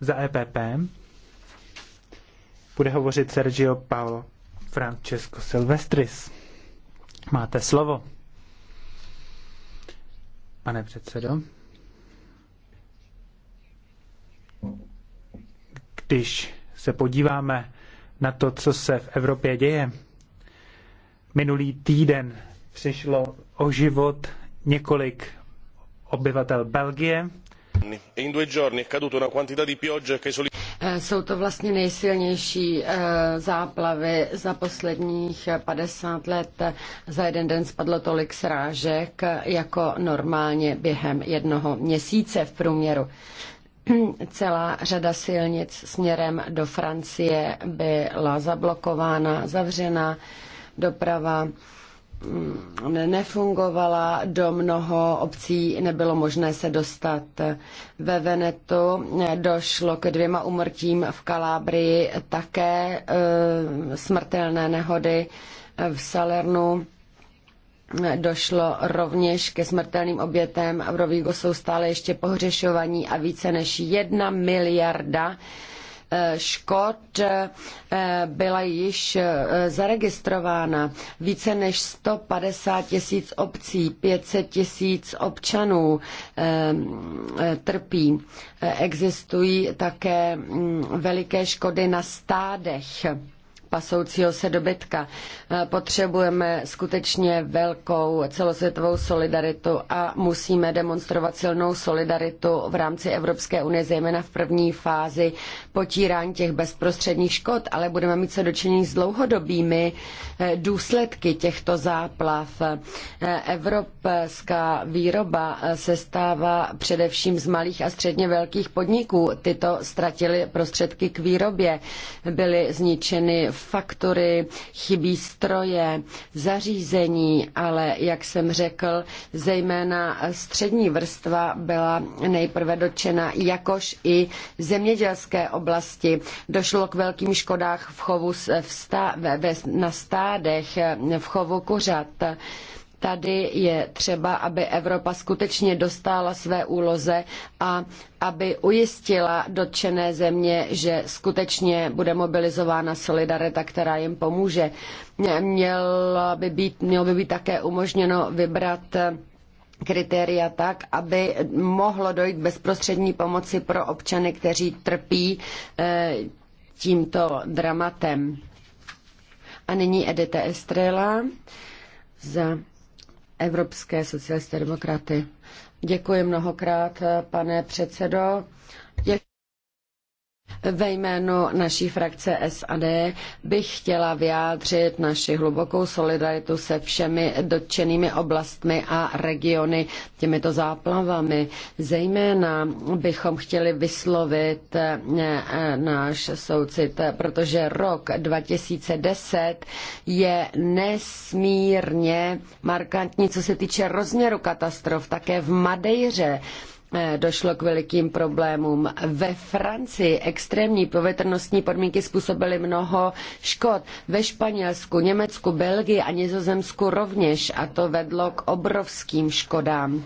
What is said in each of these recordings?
Za EPP bude hovořit Sergio Paolo Francesco Silvestris. Máte slovo. Pane předsedo. Když se podíváme na to, co se v Evropě děje, minulý týden přišlo o život několik obyvatel Belgie, E eh, jsou to vlastně nejsilnější eh, záplavy za posledních 50 eh, let. Za jeden den spadlo tolik srážek jako normálně během jednoho měsíce v průměru celá řada silnic směrem do Francie byla zablokována, zavřena doprava Mm, nefungovala, do mnoho obcí nebylo možné se dostat. Ve Venetu došlo k dvěma umrtím, v Kalábrii také eh, smrtelné nehody, v Salernu došlo rovněž ke smrtelným obětem a v Rovigo jsou stále ještě pohřešovaní a více než jedna miliarda škod eh, byla již eh, zaregistrována. Více než 150 tisíc obcí, 500 tisíc občanů eh, trpí. Existují také mm, veliké škody na stádech pasoucího se dobytka. E, potřebujeme skutečně velkou celosvětovou solidaritu a musíme demonstrovat silnou solidaritu v rámci Evropské unie, zejména v první fázi potírání těch bezprostředních škod, ale budeme mít se dočinit s dlouhodobými e, důsledky těchto záplav. E, evropská výroba se stává především z malých a středně velkých podniků. Tyto ztratily prostředky k výrobě, byly zničeny faktory, chybí stroje, zařízení, ale jak jsem řekl, zejména střední vrstva byla nejprve dotčena, jakož i zemědělské oblasti. Došlo k velkým škodách v chovu v stá, ve, ve, na stádech, v chovu kuřat Tady je třeba, aby Evropa skutečně dostála své úloze a aby ujistila dotčené země, že skutečně bude mobilizována solidarita, která jim pomůže. by být, mělo by být také umožněno vybrat eh, kritéria tak, aby mohlo dojít bezprostřední pomoci pro občany, kteří trpí eh, tímto dramatem. A nyní Edita Estrela za Evropské socialisté demokraty. Děkuji mnohokrát, pane předsedo. Děkuji. Ve jménu naší frakce SAD bych chtěla vyjádřit naši hlubokou solidaritu se všemi dotčenými oblastmi a regiony těmito záplavami. Zejména bychom chtěli vyslovit eh, náš soucit, eh, protože rok 2010 je nesmírně markantní, co se týče rozměru katastrof, také v Madejře Eh, došlo k velikým problémům. Ve Francii extrémní povětrnostní podmínky způsobily mnoho škod. Ve Španělsku, Německu, Belgii a Nizozemsku rovněž a to vedlo k obrovským škodám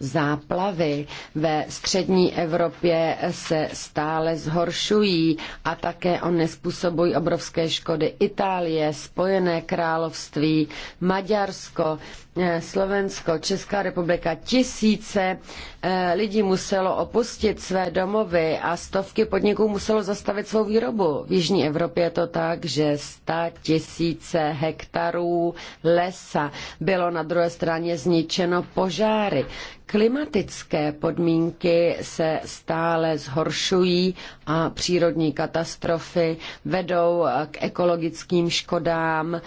záplavy ve střední Evropě se stále zhoršují a také on nespůsobují obrovské škody. Itálie, Spojené království, Maďarsko, eh, Slovensko, Česká republika. Tisíce eh, lidí muselo opustit své domovy a stovky podniků muselo zastavit svou výrobu. V Jižní Evropě je to tak, že sta tisíce hektarů lesa bylo na druhé straně zničeno požáry Klimatické podmínky se stále zhoršují a přírodní katastrofy vedou k ekologickým škodám,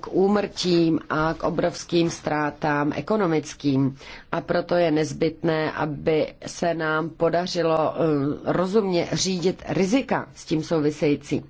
k úmrtím a k obrovským ztrátám ekonomickým. A proto je nezbytné, aby se nám podařilo eh, rozumně řídit rizika s tím související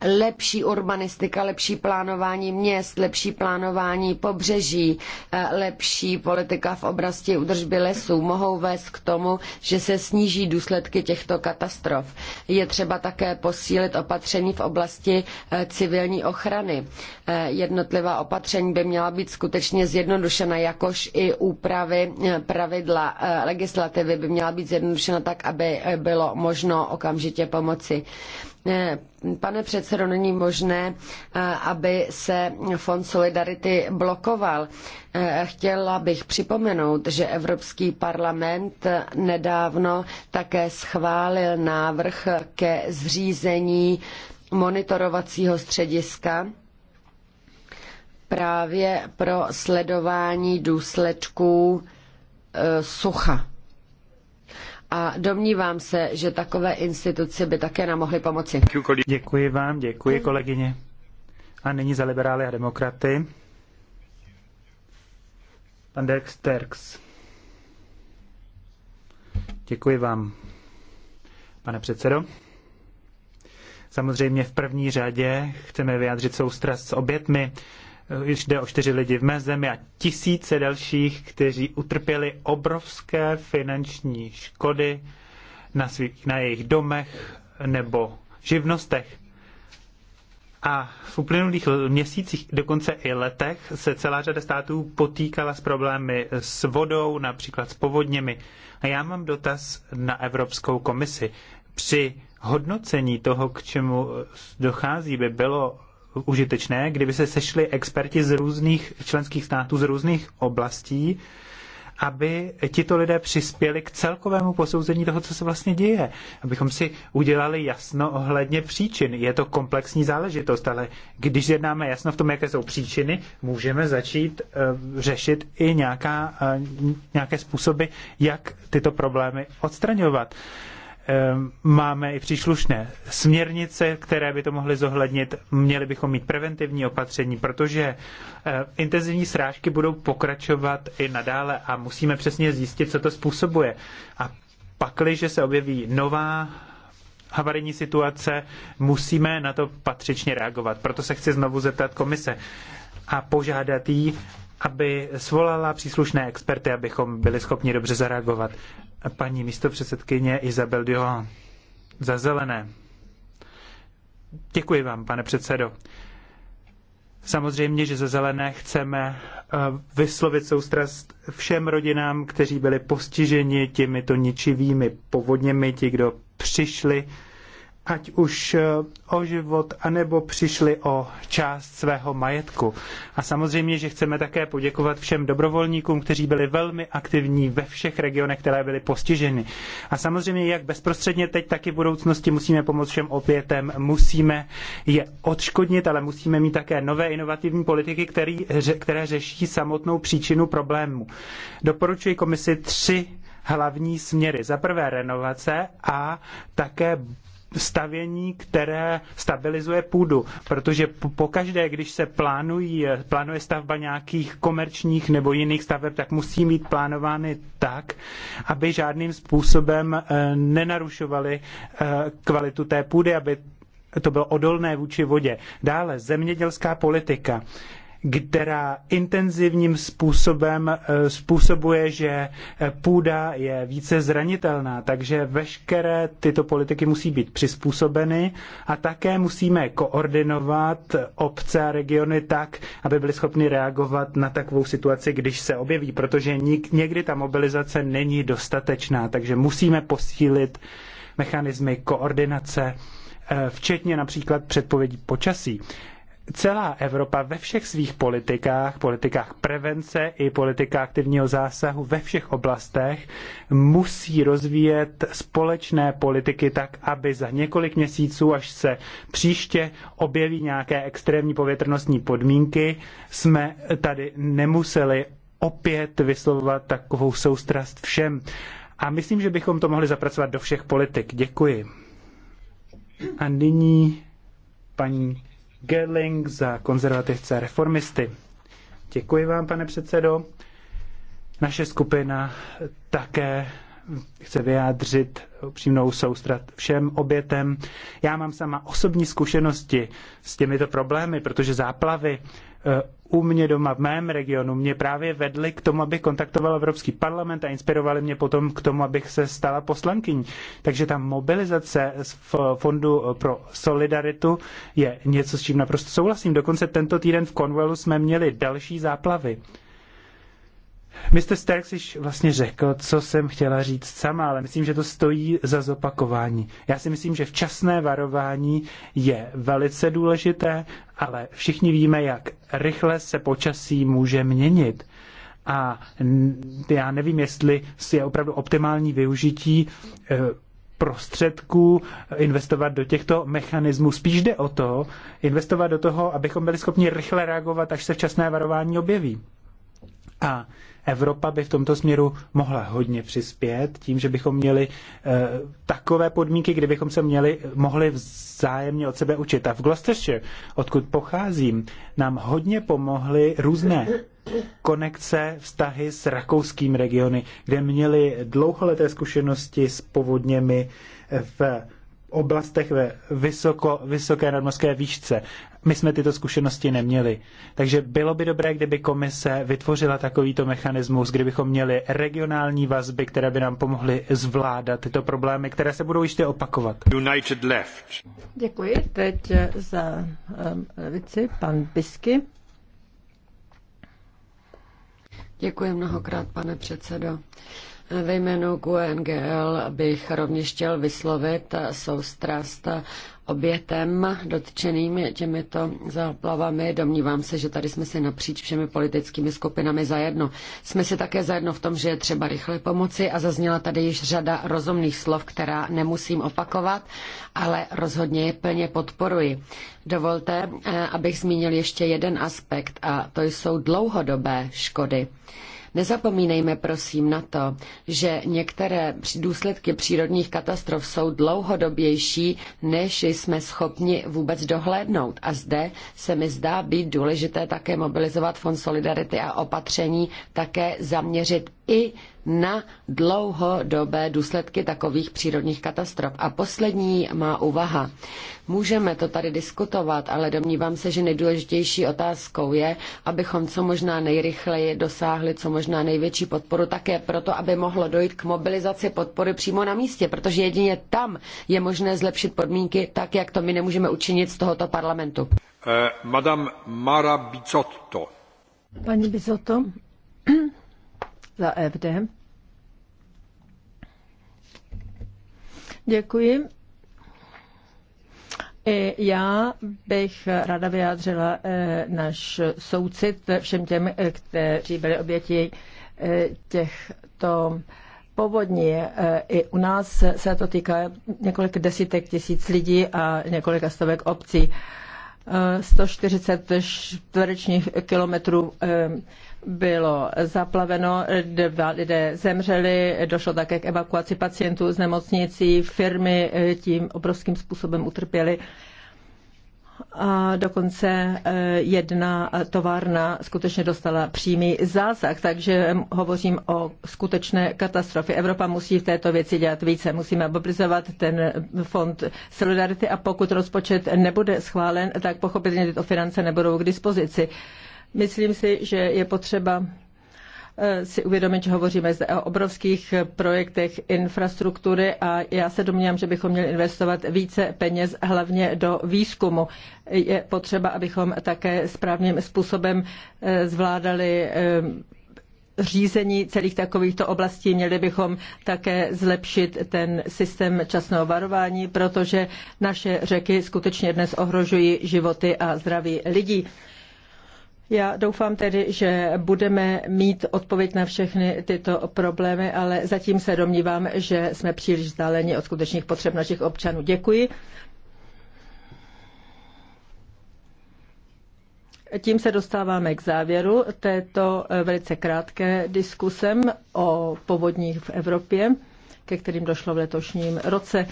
lepší urbanistika, lepší plánování měst, lepší plánování pobřeží, eh, lepší politika v oblasti udržby lesů mohou vést k tomu, že se sníží důsledky těchto katastrof. Je třeba také posílit opatření v oblasti eh, civilní ochrany. Eh, jednotlivá opatření by měla být skutečně zjednodušena, jakož i úpravy pravidla legislativy by měla být zjednodušena tak, aby bylo možno okamžitě pomoci. E, pane předsedo, není možné, e, aby se Fond Solidarity blokoval. E, chtěla bych připomenout, že Evropský parlament nedávno také schválil návrh ke zřízení monitorovacího střediska právě pro sledování důsledků sucha a domnívám se, že takové instituce by také nám mohly pomoci. Děkuji vám, děkuji kolegyně. A nyní za liberály a demokraty. Pan Dirk Sterks. Děkuji vám, pane předsedo. Samozřejmě v první řadě chceme vyjádřit soustrast s obětmi Eh, jde o čtyři lidi v mé zemi a tisíce dalších, kteří utrpěli obrovské finanční škody na, svých, na jejich domech nebo živnostech. A v uplynulých měsících, dokonce i letech, se celá řada států potýkala s problémy s vodou, například s povodněmi. A já mám dotaz na Evropskou komisi. Při hodnocení toho, k čemu dochází, by bylo užitečné, kdyby se sešli experti z různých členských států, z různých oblastí, aby tito lidé přispěli k celkovému posouzení toho, co se vlastně děje. Abychom si udělali jasno ohledně příčin. Je to komplexní záležitost, ale když jednáme jasno v tom, jaké jsou příčiny, můžeme začít uh, řešit i nějaká, uh, nějaké způsoby, jak tyto problémy odstraňovat. Uh, Ehm, máme i příslušné směrnice, které by to mohly zohlednit. Měli bychom mít preventivní opatření, protože ehm, intenzivní srážky budou pokračovat i nadále a musíme přesně zjistit, co to způsobuje. A pakliže se objeví nová havarijní situace, musíme na to patřičně reagovat. Proto se chci znovu zeptat komise a požádat jí, aby svolala příslušné experty, abychom byli schopni dobře zareagovat paní místopředsedkyně Izabel Diohan za zelené. Děkuji vám, pane předsedo. Samozřejmě, že za zelené chceme eh, vyslovit soustrast všem rodinám, kteří byli postiženi těmito ničivými povodněmi, ti, kdo přišli ať už eh, o život, anebo přišli o část svého majetku. A samozřejmě, že chceme také poděkovat všem dobrovolníkům, kteří byli velmi aktivní ve všech regionech, které byly postiženy. A samozřejmě, jak bezprostředně teď, tak i v budoucnosti musíme pomoct všem opětem, musíme je odškodnit, ale musíme mít také nové inovativní politiky, který, které řeší samotnou příčinu problému. Doporučuji komisi tři hlavní směry. Za prvé renovace a také stavění, které stabilizuje půdu, protože pokaždé, když se plánují, plánuje stavba nějakých komerčních nebo jiných staveb, tak musí být plánovány tak, aby žádným způsobem eh, nenarušovaly eh, kvalitu té půdy, aby to bylo odolné vůči vodě. Dále zemědělská politika která intenzivním způsobem eh, způsobuje, že eh, půda je více zranitelná, takže veškeré tyto politiky musí být přizpůsobeny a také musíme koordinovat obce a regiony tak, aby byly schopny reagovat na takovou situaci, když se objeví, protože někdy ta mobilizace není dostatečná, takže musíme posílit mechanismy koordinace, eh, včetně například předpovědí počasí celá Evropa ve všech svých politikách, politikách prevence i politikách aktivního zásahu ve všech oblastech musí rozvíjet společné politiky tak, aby za několik měsíců, až se příště objeví nějaké extrémní povětrnostní podmínky, jsme tady nemuseli opět vyslovovat takovou soustrast všem. A myslím, že bychom to mohli zapracovat do všech politik. Děkuji. A nyní paní Gerling za konzervativce reformisty. Děkuji vám, pane předsedo. Naše skupina také chce vyjádřit upřímnou soustrat všem obětem. Já mám sama osobní zkušenosti s těmito problémy, protože záplavy eh, u mě doma, v mém regionu, mě právě vedli k tomu, abych kontaktoval Evropský parlament a inspirovali mě potom k tomu, abych se stala poslankyní. Takže ta mobilizace z Fondu pro solidaritu je něco, s čím naprosto souhlasím. Dokonce tento týden v Cornwallu jsme měli další záplavy. Mr. Starks již vlastně řekl, co jsem chtěla říct sama, ale myslím, že to stojí za zopakování. Já si myslím, že včasné varování je velice důležité, ale všichni víme, jak rychle se počasí může měnit. A já nevím, jestli je opravdu optimální využití e, prostředků e, investovat do těchto mechanismů. Spíš jde o to, investovat do toho, abychom byli schopni rychle reagovat, až se včasné varování objeví. A Evropa by v tomto směru mohla hodně přispět tím, že bychom měli eh, takové podmínky, kdybychom se měli, mohli vzájemně od sebe učit. A v Gloucestershire, odkud pocházím, nám hodně pomohly různé konekce, vztahy s rakouským regiony, kde měli dlouholeté zkušenosti s povodněmi v oblastech ve vysoko, vysoké nadmořské výšce. My jsme tyto zkušenosti neměli. Takže bylo by dobré, kdyby komise vytvořila takovýto mechanismus, kdybychom měli regionální vazby, které by nám pomohly zvládat tyto problémy, které se budou ještě opakovat. United Left. Děkuji. Teď za um, levici um, pan Bisky. Děkuji mnohokrát, pane předsedo. Ve jménu QNGL bych rovněž chtěl vyslovit soustrast obětem dotčeným těmito záplavami. Domnívám se, že tady jsme si napříč všemi politickými skupinami zajedno. Jsme si také zajedno v tom, že je třeba rychle pomoci a zazněla tady již řada rozumných slov, která nemusím opakovat, ale rozhodně je plně podporuji. Dovolte, eh, abych zmínil ještě jeden aspekt a to jsou dlouhodobé škody. Nezapomínejme prosím na to, že některé důsledky přírodních katastrof jsou dlouhodobější, než jsme schopni vůbec dohlédnout. A zde se mi zdá být důležité také mobilizovat Fond Solidarity a opatření také zaměřit i na dlouhodobé důsledky takových přírodních katastrof. A poslední má úvaha. Můžeme to tady diskutovat, ale domnívám se, že nejdůležitější otázkou je, abychom co možná nejrychleji dosáhli co možná největší podporu také proto, aby mohlo dojít k mobilizaci podpory přímo na místě, protože jedině tam je možné zlepšit podmínky tak, jak to my nemůžeme učinit z tohoto parlamentu. Eh, Madame Mara Bizotto. Paní Bizotto za FD. Děkuji. I já bych ráda vyjádřila eh, náš soucit všem těm, kteří byli oběti eh, těchto povodní. Eh, I u nás se to týká několik desítek tisíc lidí a několika stovek obcí. 140 čtverečních kilometrů bylo zaplaveno, dva lidé zemřeli, došlo také k evakuaci pacientů z nemocnicí, firmy eh, tím obrovským způsobem utrpěly. A dokonce eh, jedna továrna skutečně dostala přímý zásah, takže hovořím o skutečné katastrofě. Evropa musí v této věci dělat více. Musíme mobilizovat ten fond Solidarity a pokud rozpočet nebude schválen, tak pochopitelně tyto finance nebudou k dispozici. Myslím si, že je potřeba eh, si uvědomit, že hovoříme zde o obrovských projektech infrastruktury a já se domnívám, že bychom měli investovat více peněz hlavně do výzkumu. Je potřeba, abychom také správným způsobem eh, zvládali eh, řízení celých takovýchto oblastí. Měli bychom také zlepšit ten systém časného varování, protože naše řeky skutečně dnes ohrožují životy a zdraví lidí. Já doufám tedy, že budeme mít odpověď na všechny tyto problémy, ale zatím se domnívám, že jsme příliš vzdáleni od skutečných potřeb našich občanů. Děkuji. Tím se dostáváme k závěru této velice krátké diskusem o povodních v Evropě, ke kterým došlo v letošním roce.